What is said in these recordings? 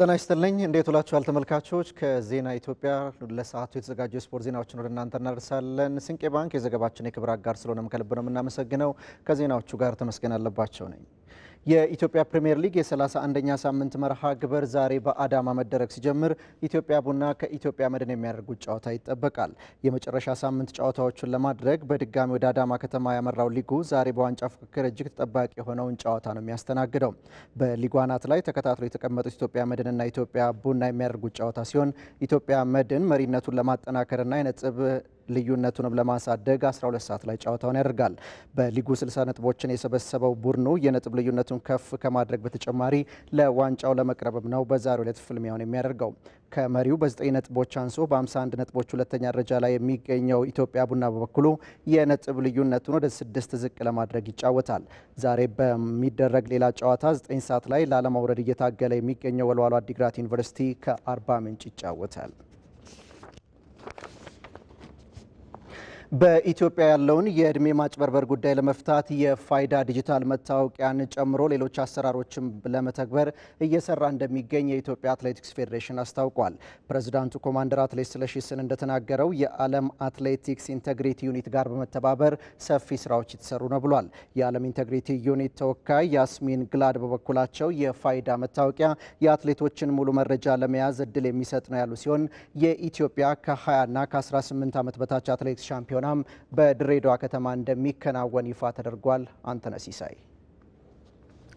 ጤና ይስጥልኝ። እንዴት ውላችኋል ተመልካቾች? ከዜና ኢትዮጵያ ለሰዓቱ የተዘጋጁ የስፖርት ዜናዎችን ወደ እናንተ እናደርሳለን። ስንቄ ባንክ የዘገባችን የክብር አጋር ስለሆነም ከልብ ነው የምናመሰግነው። ከዜናዎቹ ጋር ተመስገን አለባቸው ነኝ። የኢትዮጵያ ፕሪምየር ሊግ የ31ኛ ሳምንት መርሃ ግበር ዛሬ በአዳማ መደረግ ሲጀምር ኢትዮጵያ ቡና ከኢትዮጵያ መድን የሚያደርጉት ጨዋታ ይጠበቃል። የመጨረሻ ሳምንት ጨዋታዎቹን ለማድረግ በድጋሚ ወደ አዳማ ከተማ ያመራው ሊጉ ዛሬ በዋንጫ ፉክክር እጅግ ተጠባቂ የሆነውን ጨዋታ ነው የሚያስተናግደው። በሊጉ አናት ላይ ተከታትሎ የተቀመጡት ኢትዮጵያ መድንና ኢትዮጵያ ቡና የሚያደርጉት ጨዋታ ሲሆን ኢትዮጵያ መድን መሪነቱን ለማጠናከርና የነጥብ ልዩነቱንም ለማሳደግ 12 ሰዓት ላይ ጨዋታውን ያደርጋል። በሊጉ 60 ነጥቦችን የሰበሰበው ቡድኑ የነጥብ ልዩነቱን ከፍ ከማድረግ በተጨማሪ ለዋንጫው ለመቅረብም ነው በዛሬው ዕለት ፍልሚያውን የሚያደርገው። ከመሪው በ9 ነጥቦች አንሶ በ51 ነጥቦች ሁለተኛ ደረጃ ላይ የሚገኘው ኢትዮጵያ ቡና በበኩሉ የነጥብ ልዩነቱን ወደ 6 ዝቅ ለማድረግ ይጫወታል። ዛሬ በሚደረግ ሌላ ጨዋታ 9 ሰዓት ላይ ላለማውረድ እየታገለ የሚገኘው ወልዋሎ አዲግራት ዩኒቨርሲቲ ከአርባ ምንጭ ይጫወታል። በኢትዮጵያ ያለውን የእድሜ ማጭበርበር ጉዳይ ለመፍታት የፋይዳ ዲጂታል መታወቂያን ጨምሮ ሌሎች አሰራሮችን ለመተግበር እየሰራ እንደሚገኝ የኢትዮጵያ አትሌቲክስ ፌዴሬሽን አስታውቋል። ፕሬዚዳንቱ ኮማንደር አትሌት ስለሺ እንደተናገረው የዓለም አትሌቲክስ ኢንተግሪቲ ዩኒት ጋር በመተባበር ሰፊ ስራዎች የተሰሩ ነው ብሏል። የዓለም ኢንተግሪቲ ዩኒት ተወካይ ያስሚን ግላድ በበኩላቸው የፋይዳ መታወቂያ የአትሌቶችን ሙሉ መረጃ ለመያዝ እድል የሚሰጥ ነው ያሉ ሲሆን የኢትዮጵያ ከ20 ና ከ18 ዓመት በታች አትሌቲክስ ሻምፒዮን ሻምፒዮናም በድሬዳዋ ከተማ እንደሚከናወን ይፋ ተደርጓል። አንተነህ ሲሳይ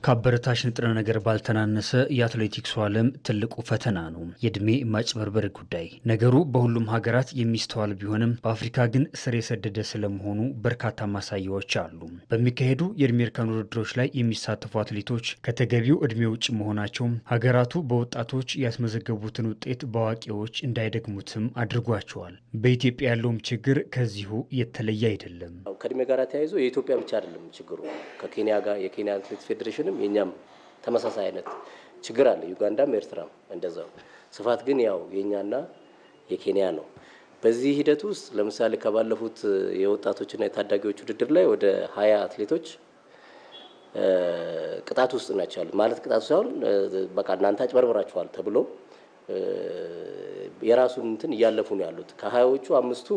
ከአበረታች ንጥረ ነገር ባልተናነሰ የአትሌቲክሱ ዓለም ትልቁ ፈተና ነው የእድሜ ማጭበርበር ጉዳይ። ነገሩ በሁሉም ሀገራት የሚስተዋል ቢሆንም በአፍሪካ ግን ስር የሰደደ ስለመሆኑ በርካታ ማሳያዎች አሉ። በሚካሄዱ የእድሜ እርከን ውድድሮች ላይ የሚሳተፉ አትሌቶች ከተገቢው እድሜ ውጭ መሆናቸውም ሀገራቱ በወጣቶች ያስመዘገቡትን ውጤት በአዋቂዎች እንዳይደግሙትም አድርጓቸዋል። በኢትዮጵያ ያለውም ችግር ከዚሁ የተለየ አይደለም። ከዕድሜ ጋር ተያይዞ የኢትዮጵያ ብቻ አይደለም ችግሩ ከኬንያ ጋር የኬንያ አትሌት ፌዴሬሽን ክልልም የኛም ተመሳሳይ አይነት ችግር አለ። ዩጋንዳም ኤርትራም እንደዛው። ስፋት ግን ያው የኛና የኬንያ ነው። በዚህ ሂደት ውስጥ ለምሳሌ ከባለፉት የወጣቶችና የታዳጊዎች ውድድር ላይ ወደ ሀያ አትሌቶች ቅጣት ውስጥ ናቸው ያሉት። ማለት ቅጣቱ ሳይሆን በቃ እናንተ አጭበርብራችኋል ተብሎ የራሱን እንትን እያለፉ ነው ያሉት ከሀያዎቹ አምስቱ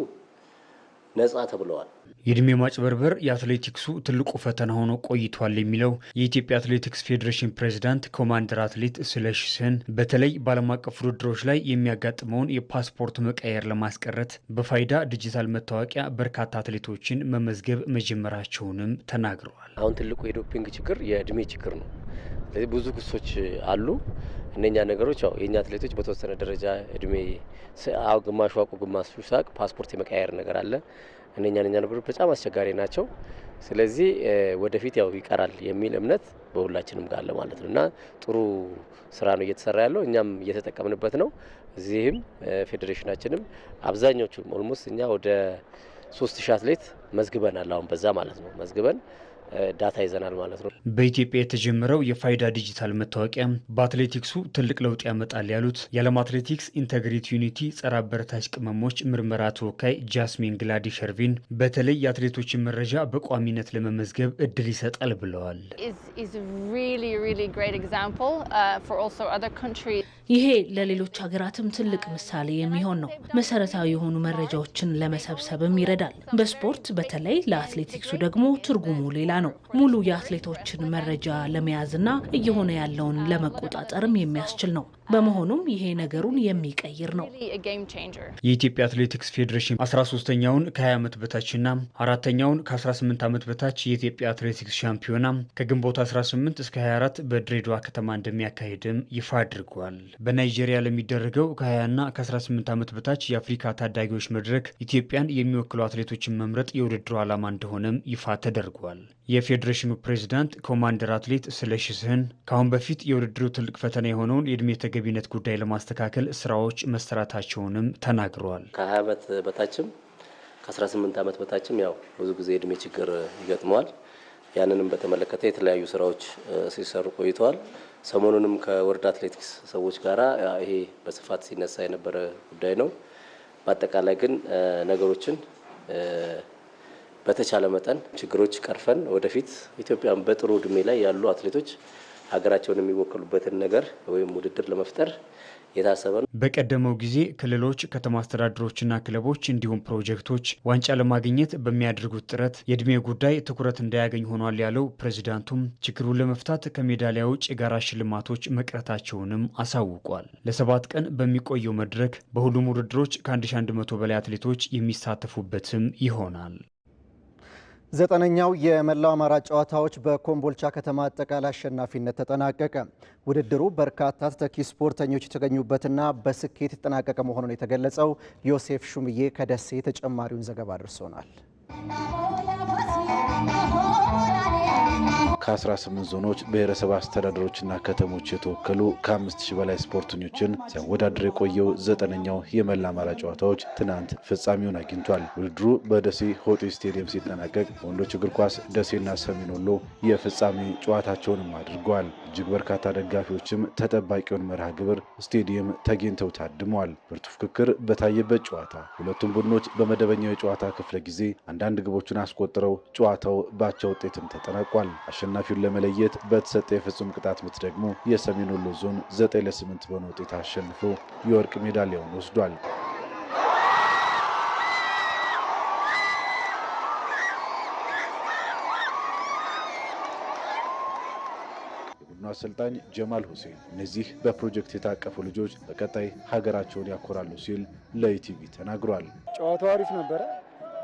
ነፃ ተብለዋል። የእድሜ ማጭበርበር የአትሌቲክሱ ትልቁ ፈተና ሆኖ ቆይቷል የሚለው የኢትዮጵያ አትሌቲክስ ፌዴሬሽን ፕሬዚዳንት ኮማንደር አትሌት ስለሺ ስህን በተለይ በዓለም አቀፍ ውድድሮች ላይ የሚያጋጥመውን የፓስፖርት መቀየር ለማስቀረት በፋይዳ ዲጂታል መታወቂያ በርካታ አትሌቶችን መመዝገብ መጀመራቸውንም ተናግረዋል። አሁን ትልቁ የዶፒንግ ችግር የእድሜ ችግር ነው። ስለዚህ ብዙ ክሶች አሉ። እነኛ ነገሮች ያው የእኛ አትሌቶች በተወሰነ ደረጃ እድሜ ግማሹ አውቆ ግማሹ ሳቅ ፓስፖርት የመቀያየር ነገር አለ። እነኛ ነኛ ነገሮች በጣም አስቸጋሪ ናቸው። ስለዚህ ወደፊት ያው ይቀራል የሚል እምነት በሁላችንም ጋር አለ ማለት ነው እና ጥሩ ስራ ነው እየተሰራ ያለው እኛም እየተጠቀምንበት ነው። እዚህም ፌዴሬሽናችንም አብዛኞቹ ኦልሞስት እኛ ወደ ሶስት ሺህ አትሌት መዝግበናል አሁን በዛ ማለት ነው መዝግበን ዳታ ይዘናል ማለት ነው። በኢትዮጵያ የተጀመረው የፋይዳ ዲጂታል መታወቂያ በአትሌቲክሱ ትልቅ ለውጥ ያመጣል ያሉት የዓለም አትሌቲክስ ኢንተግሪቲ ዩኒቲ ጸረ አበረታች ቅመሞች ምርመራ ተወካይ ጃስሚን ግላዲ ሸርቪን በተለይ የአትሌቶችን መረጃ በቋሚነት ለመመዝገብ እድል ይሰጣል ብለዋል። ይሄ ለሌሎች ሀገራትም ትልቅ ምሳሌ የሚሆን ነው። መሰረታዊ የሆኑ መረጃዎችን ለመሰብሰብም ይረዳል። በስፖርት በተለይ ለአትሌቲክሱ ደግሞ ትርጉሙ ሌላ ነው። ሙሉ የአትሌቶችን መረጃ ለመያዝና እየሆነ ያለውን ለመቆጣጠርም የሚያስችል ነው። በመሆኑም ይሄ ነገሩን የሚቀይር ነው። የኢትዮጵያ አትሌቲክስ ፌዴሬሽን 13ተኛውን ከ20 ዓመት በታችና አራተኛውን ከ18 ዓመት በታች የኢትዮጵያ አትሌቲክስ ሻምፒዮና ከግንቦት 18 እስከ 24 በድሬዳዋ ከተማ እንደሚያካሄድም ይፋ አድርጓል። በናይጄሪያ ለሚደረገው ከ20ና ከ18 ዓመት በታች የአፍሪካ ታዳጊዎች መድረክ ኢትዮጵያን የሚወክሉ አትሌቶችን መምረጥ የውድድሩ ዓላማ እንደሆነም ይፋ ተደርጓል። የፌዴሬሽኑ ፕሬዚዳንት ኮማንደር አትሌት ስለሺ ስህን ከአሁን በፊት የውድድሩ ትልቅ ፈተና የሆነውን የእድሜ ተገቢነት ጉዳይ ለማስተካከል ስራዎች መሰራታቸውንም ተናግረዋል። ከ20 ዓመት በታችም ከ18 ዓመት በታችም ያው ብዙ ጊዜ የእድሜ ችግር ይገጥመዋል። ያንንም በተመለከተ የተለያዩ ስራዎች ሲሰሩ ቆይተዋል። ሰሞኑንም ከወርድ አትሌቲክስ ሰዎች ጋራ ይሄ በስፋት ሲነሳ የነበረ ጉዳይ ነው። በአጠቃላይ ግን ነገሮችን በተቻለ መጠን ችግሮች ቀርፈን ወደፊት ኢትዮጵያን በጥሩ እድሜ ላይ ያሉ አትሌቶች ሀገራቸውን የሚወከሉበትን ነገር ወይም ውድድር ለመፍጠር የታሰበ ነው። በቀደመው ጊዜ ክልሎች፣ ከተማ አስተዳደሮችና ክለቦች እንዲሁም ፕሮጀክቶች ዋንጫ ለማግኘት በሚያደርጉት ጥረት የእድሜ ጉዳይ ትኩረት እንዳያገኝ ሆኗል ያለው ፕሬዚዳንቱም ችግሩን ለመፍታት ከሜዳሊያ ውጭ የጋራ ሽልማቶች መቅረታቸውንም አሳውቋል። ለሰባት ቀን በሚቆየው መድረክ በሁሉም ውድድሮች ከ1100 በላይ አትሌቶች የሚሳተፉበትም ይሆናል። ዘጠነኛው የመላው አማራ ጨዋታዎች በኮምቦልቻ ከተማ አጠቃላይ አሸናፊነት ተጠናቀቀ። ውድድሩ በርካታ ተተኪ ስፖርተኞች የተገኙበትና በስኬት የተጠናቀቀ መሆኑን የተገለጸው ዮሴፍ ሹምዬ ከደሴ ተጨማሪውን ዘገባ አድርሶናል። ከ18 ዞኖች ብሔረሰብ አስተዳደሮችና ከተሞች የተወከሉ ከ5000 በላይ ስፖርተኞችን ሲያወዳድር የቆየው ዘጠነኛው የመላ አማራ ጨዋታዎች ትናንት ፍጻሜውን አግኝቷል። ውድድሩ በደሴ ሆጤ ስቴዲየም ሲጠናቀቅ ወንዶች እግር ኳስ ደሴና ሰሜን ወሎ የፍጻሜ ጨዋታቸውንም አድርገዋል። እጅግ በርካታ ደጋፊዎችም ተጠባቂውን መርሃ ግብር ስቴዲየም ተገኝተው ታድመዋል። ብርቱ ፍክክር በታየበት ጨዋታ ሁለቱም ቡድኖች በመደበኛው የጨዋታ ክፍለ ጊዜ አንዳንድ ግቦቹን አስቆጥረው ጨዋታው ባቻ ውጤትም ተጠናቋል። አሸናፊውን ለመለየት በተሰጠ የፍጹም ቅጣት ምት ደግሞ የሰሜን ወሎ ዞን 9 ለ በሆነ ውጤት አሸንፎ የወርቅ ሜዳሊያውን ወስዷል። አሰልጣኝ ጀማል ሁሴን እነዚህ በፕሮጀክት የታቀፉ ልጆች በቀጣይ ሀገራቸውን ያኮራሉ ሲል ለኢቲቪ ተናግሯል። ጨዋታው አሪፍ ነበረ።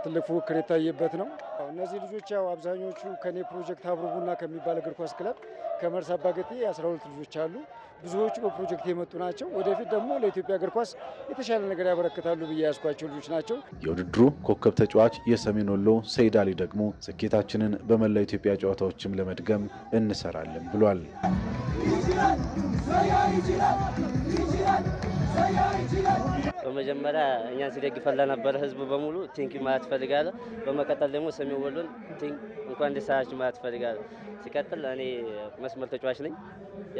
ትልቅ ፉክክር የታየበት ነው። እነዚህ ልጆች ያው አብዛኞቹ ከኔ ፕሮጀክት አብሮ ቡና ከሚባል እግር ኳስ ክለብ ከመርሳ አባገቴ ሁለት ልጆች አሉ። ብዙዎቹ በፕሮጀክት የመጡ ናቸው። ወደፊት ደግሞ ለኢትዮጵያ እግር ኳስ የተሻለ ነገር ያበረክታሉ ብዬ ያስኳቸው ልጆች ናቸው። የውድድሩ ኮከብ ተጫዋች የሰሜን ወሎ ሰይድ አሊ ደግሞ ስኬታችንን በመላው ኢትዮጵያ ጨዋታዎችም ለመድገም እንሰራለን ብሏል። በመጀመሪያ እኛን ሲደግፈን ለነበረ ህዝቡ በሙሉ ቲንክ ማለት ፈልጋለሁ በመቀጠል ደግሞ ሰሜን ወሎን እንኳን ደስ አላችሁ ማለት እፈልጋለሁ። ሲቀጥል እኔ መስመር ተጫዋች ነኝ።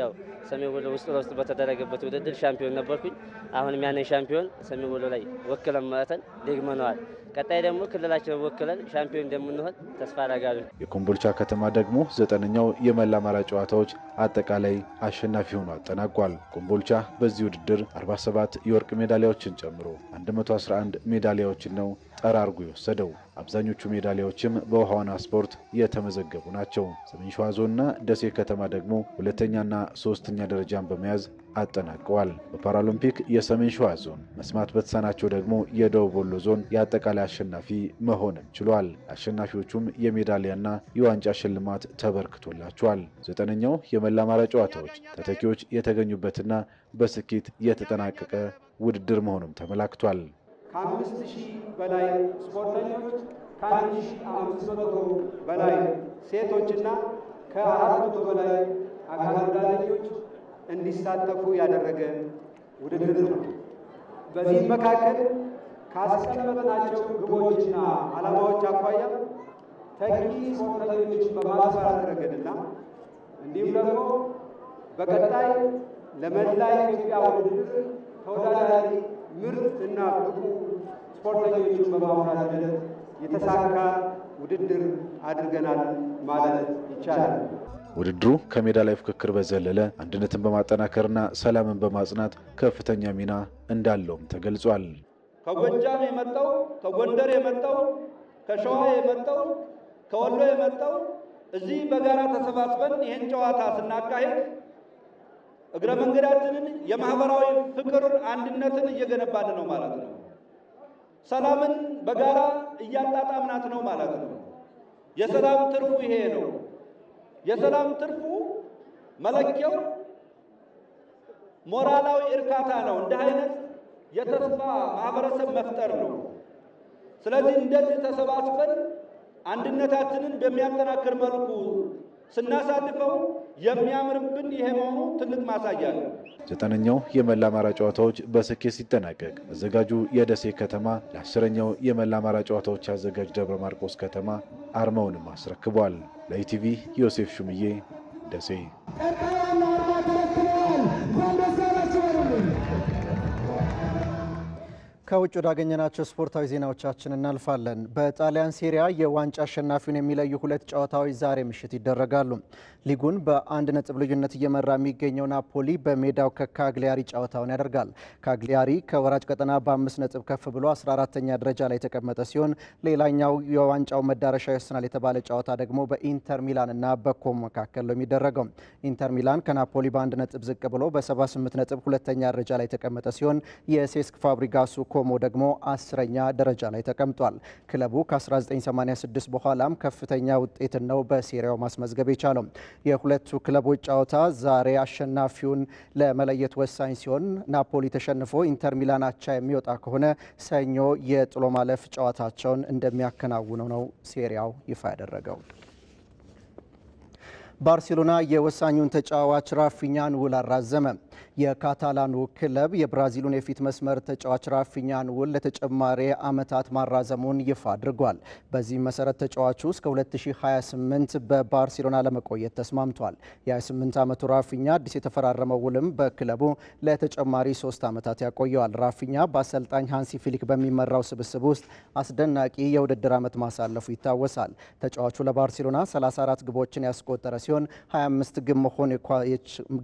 ያው ሰሜን ወሎ ውስጥ ለውስጥ በተደረገበት ውድድር ሻምፒዮን ነበርኩኝ። አሁንም ያንን ሻምፒዮን ሰሜን ወሎ ላይ ወክለን መጥተን ደግመነዋል። ቀጣይ ደግሞ ክልላችን ወክለን ሻምፒዮን እንደምንሆን ተስፋ አደርጋለሁ። የኮምቦልቻ ከተማ ደግሞ ዘጠነኛው የመላ አማራ ጨዋታዎች አጠቃላይ አሸናፊ ሆኖ አጠናቋል። ኮምቦልቻ በዚህ ውድድር 47 የወርቅ ሜዳሊያዎችን ጨምሮ 111 ሜዳሊያዎችን ነው ጠራርጎ የወሰደው። አብዛኞቹ ሜዳሊያዎችም በውሃዋና ስፖርት የተመዘገቡ ናቸው። ሰሜን ሸዋ ዞንና ደሴ ከተማ ደግሞ ሁለተኛና ሶስተኛ ደረጃን በመያዝ አጠናቀዋል። በፓራሊምፒክ የሰሜን ሸዋ ዞን መስማት በተሳናቸው ደግሞ የደቡብ ወሎ ዞን የአጠቃላይ አሸናፊ መሆንም ችሏል። አሸናፊዎቹም የሜዳሊያና የዋንጫ ሽልማት ተበርክቶላቸዋል። ዘጠነኛው የመላ አማራ ጨዋታዎች ተተኪዎች የተገኙበትና በስኬት የተጠናቀቀ ውድድር መሆኑም ተመላክቷል። ከአምስት ሺህ በላይ ስፖርተኞች ከአንድ ሺህ አምስት መቶ በላይ ሴቶችና ከአራት መቶ በላይ አካል ጉዳተኞች እንዲሳተፉ ያደረገ ውድድር ነው። በዚህ መካከል ካስቀመጥናቸው ግቦችና ዓላማዎች አኳያ ተኪ ስፖርተኞች በማሰራት ረገድና እንዲሁም ደግሞ በቀጣይ ለመላ ኢትዮጵያ ውድድር ተወዳዳሪ ምርጥ እና ብቁ ስፖርተኞችን በማፍራት ሂደት የተሳካ ውድድር አድርገናል ማለት ይቻላል። ውድድሩ ከሜዳ ላይ ፍክክር በዘለለ አንድነትን በማጠናከርና ሰላምን በማጽናት ከፍተኛ ሚና እንዳለውም ተገልጿል። ከጎጃም የመጣው ከጎንደር የመጣው ከሸዋ የመጣው ከወሎ የመጣው እዚህ በጋራ ተሰባስበን ይህን ጨዋታ ስናካሄድ እግረ መንገዳችንን የማህበራዊ ፍቅር አንድነትን እየገነባን ነው ማለት ነው። ሰላምን በጋራ እያጣጣምናት ነው ማለት ነው። የሰላም ትርፉ ይሄ ነው። የሰላም ትርፉ መለኪያው ሞራላዊ እርካታ ነው። እንዲህ አይነት የተስፋ ማህበረሰብ መፍጠር ነው። ስለዚህ እንደዚህ ተሰባስበን አንድነታችንን በሚያጠናክር መልኩ ስናሳልፈው የሚያምርብን ይሄ መሆኑ ትልቅ ማሳያ ነው። ዘጠነኛው የመላ አማራ ጨዋታዎች በስኬት ሲጠናቀቅ አዘጋጁ የደሴ ከተማ ለአስረኛው የመላ አማራ ጨዋታዎች አዘጋጅ ደብረ ማርቆስ ከተማ አርማውንም አስረክቧል። ለኢቲቪ ዮሴፍ ሹምዬ ደሴ ከውጭ ወዳገኘናቸው ስፖርታዊ ዜናዎቻችን እናልፋለን። በጣሊያን ሴሪያ የዋንጫ አሸናፊውን የሚለዩ ሁለት ጨዋታዎች ዛሬ ምሽት ይደረጋሉ። ሊጉን በአንድ ነጥብ ልዩነት እየመራ የሚገኘው ናፖሊ በሜዳው ከካግሊያሪ ጨዋታውን ያደርጋል። ካግሊያሪ ከወራጭ ቀጠና በአምስት ነጥብ ከፍ ብሎ 14ተኛ ደረጃ ላይ የተቀመጠ ሲሆን ሌላኛው የዋንጫው መዳረሻ ይወስናል የተባለ ጨዋታ ደግሞ በኢንተር ሚላን እና በኮሞ መካከል ነው የሚደረገው። ኢንተር ሚላን ከናፖሊ በአንድ ነጥብ ዝቅ ብሎ በ78 ነጥብ ሁለተኛ ደረጃ ላይ የተቀመጠ ሲሆን የሴስክ ፋብሪጋሱ ኮሞ ደግሞ አስረኛ ደረጃ ላይ ተቀምጧል። ክለቡ ከ1986 በኋላም ከፍተኛ ውጤትን ነው በሴሪያው ማስመዝገብ የቻለው። የሁለቱ ክለቦች ጨዋታ ዛሬ አሸናፊውን ለመለየት ወሳኝ ሲሆን ናፖሊ ተሸንፎ ኢንተር ሚላን አቻ የሚወጣ ከሆነ ሰኞ የጥሎ ማለፍ ጨዋታቸውን እንደሚያከናውኑ ነው ሴሪያው ይፋ ያደረገው። ባርሴሎና የወሳኙን ተጫዋች ራፊኛን ውል አራዘመ። የካታላኑ ክለብ የብራዚሉን የፊት መስመር ተጫዋች ራፊኛን ውል ለተጨማሪ ዓመታት ማራዘሙን ይፋ አድርጓል። በዚህ መሰረት ተጫዋቹ እስከ 2028 በባርሴሎና ለመቆየት ተስማምቷል። የ28 ዓመቱ ራፊኛ አዲስ የተፈራረመው ውልም በክለቡ ለተጨማሪ ሶስት ዓመታት ያቆየዋል። ራፊኛ በአሰልጣኝ ሃንሲ ፊሊክ በሚመራው ስብስብ ውስጥ አስደናቂ የውድድር ዓመት ማሳለፉ ይታወሳል። ተጫዋቹ ለባርሴሎና 34 ግቦችን ያስቆጠረ ሲሆን 25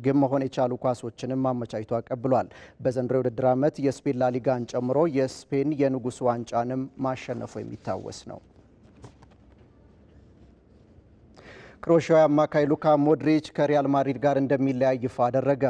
ግብ መሆን የቻሉ ኳሶች ሁኔታዎችንም አመቻችቶ አቀብሏል። በዘንድሮ የውድድር ዓመት የስፔን ላሊጋን ጨምሮ የስፔን የንጉስ ዋንጫንም ማሸነፉ የሚታወስ ነው። ክሮኤሽያዊ አማካይ ሉካ ሞድሪች ከሪያል ማድሪድ ጋር እንደሚለያይ ይፋ አደረገ።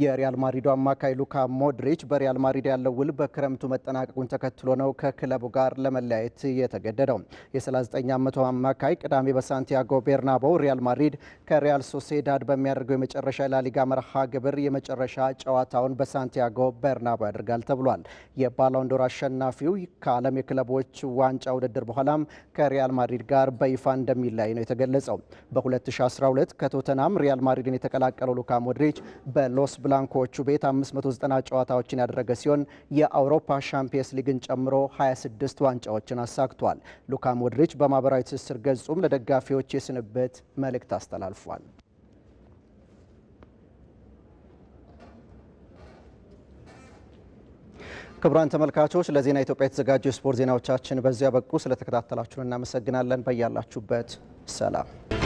የሪያል ማድሪዱ አማካይ ሉካ ሞድሪች በሪያል ማድሪድ ያለው ውል በክረምቱ መጠናቀቁን ተከትሎ ነው ከክለቡ ጋር ለመለያየት የተገደደው። የ39 ዓመቱ አማካይ ቅዳሜ በሳንቲያጎ ቤርናቦው ሪያል ማድሪድ ከሪያል ሶሴዳድ በሚያደርገው የመጨረሻ ላሊጋ መርሃ ግብር የመጨረሻ ጨዋታውን በሳንቲያጎ ቤርናቦ ያደርጋል ተብሏል። የባሎንዶር አሸናፊው ከዓለም የክለቦች ዋንጫ ውድድር በኋላም ከሪያል ማድሪድ ጋር በይፋ እንደሚለያይ ነው የተገለጸው። በ2012 ከቶተናም ሪያል ማድሪድን የተቀላቀለው ሉካ ሞድሪች በሎስ ብላንኮዎቹ ቤት 590 ጨዋታዎችን ያደረገ ሲሆን የአውሮፓ ሻምፒየንስ ሊግን ጨምሮ 26 ዋንጫዎችን አሳክቷል። ሉካ ሞድሪች በማህበራዊ ትስስር ገጹም ለደጋፊዎች የስንብት መልእክት አስተላልፏል። ክቡራን ተመልካቾች ለዜና ኢትዮጵያ የተዘጋጁ የስፖርት ዜናዎቻችን በዚያ በቁ። ስለተከታተላችሁን እናመሰግናለን። በያላችሁበት ሰላም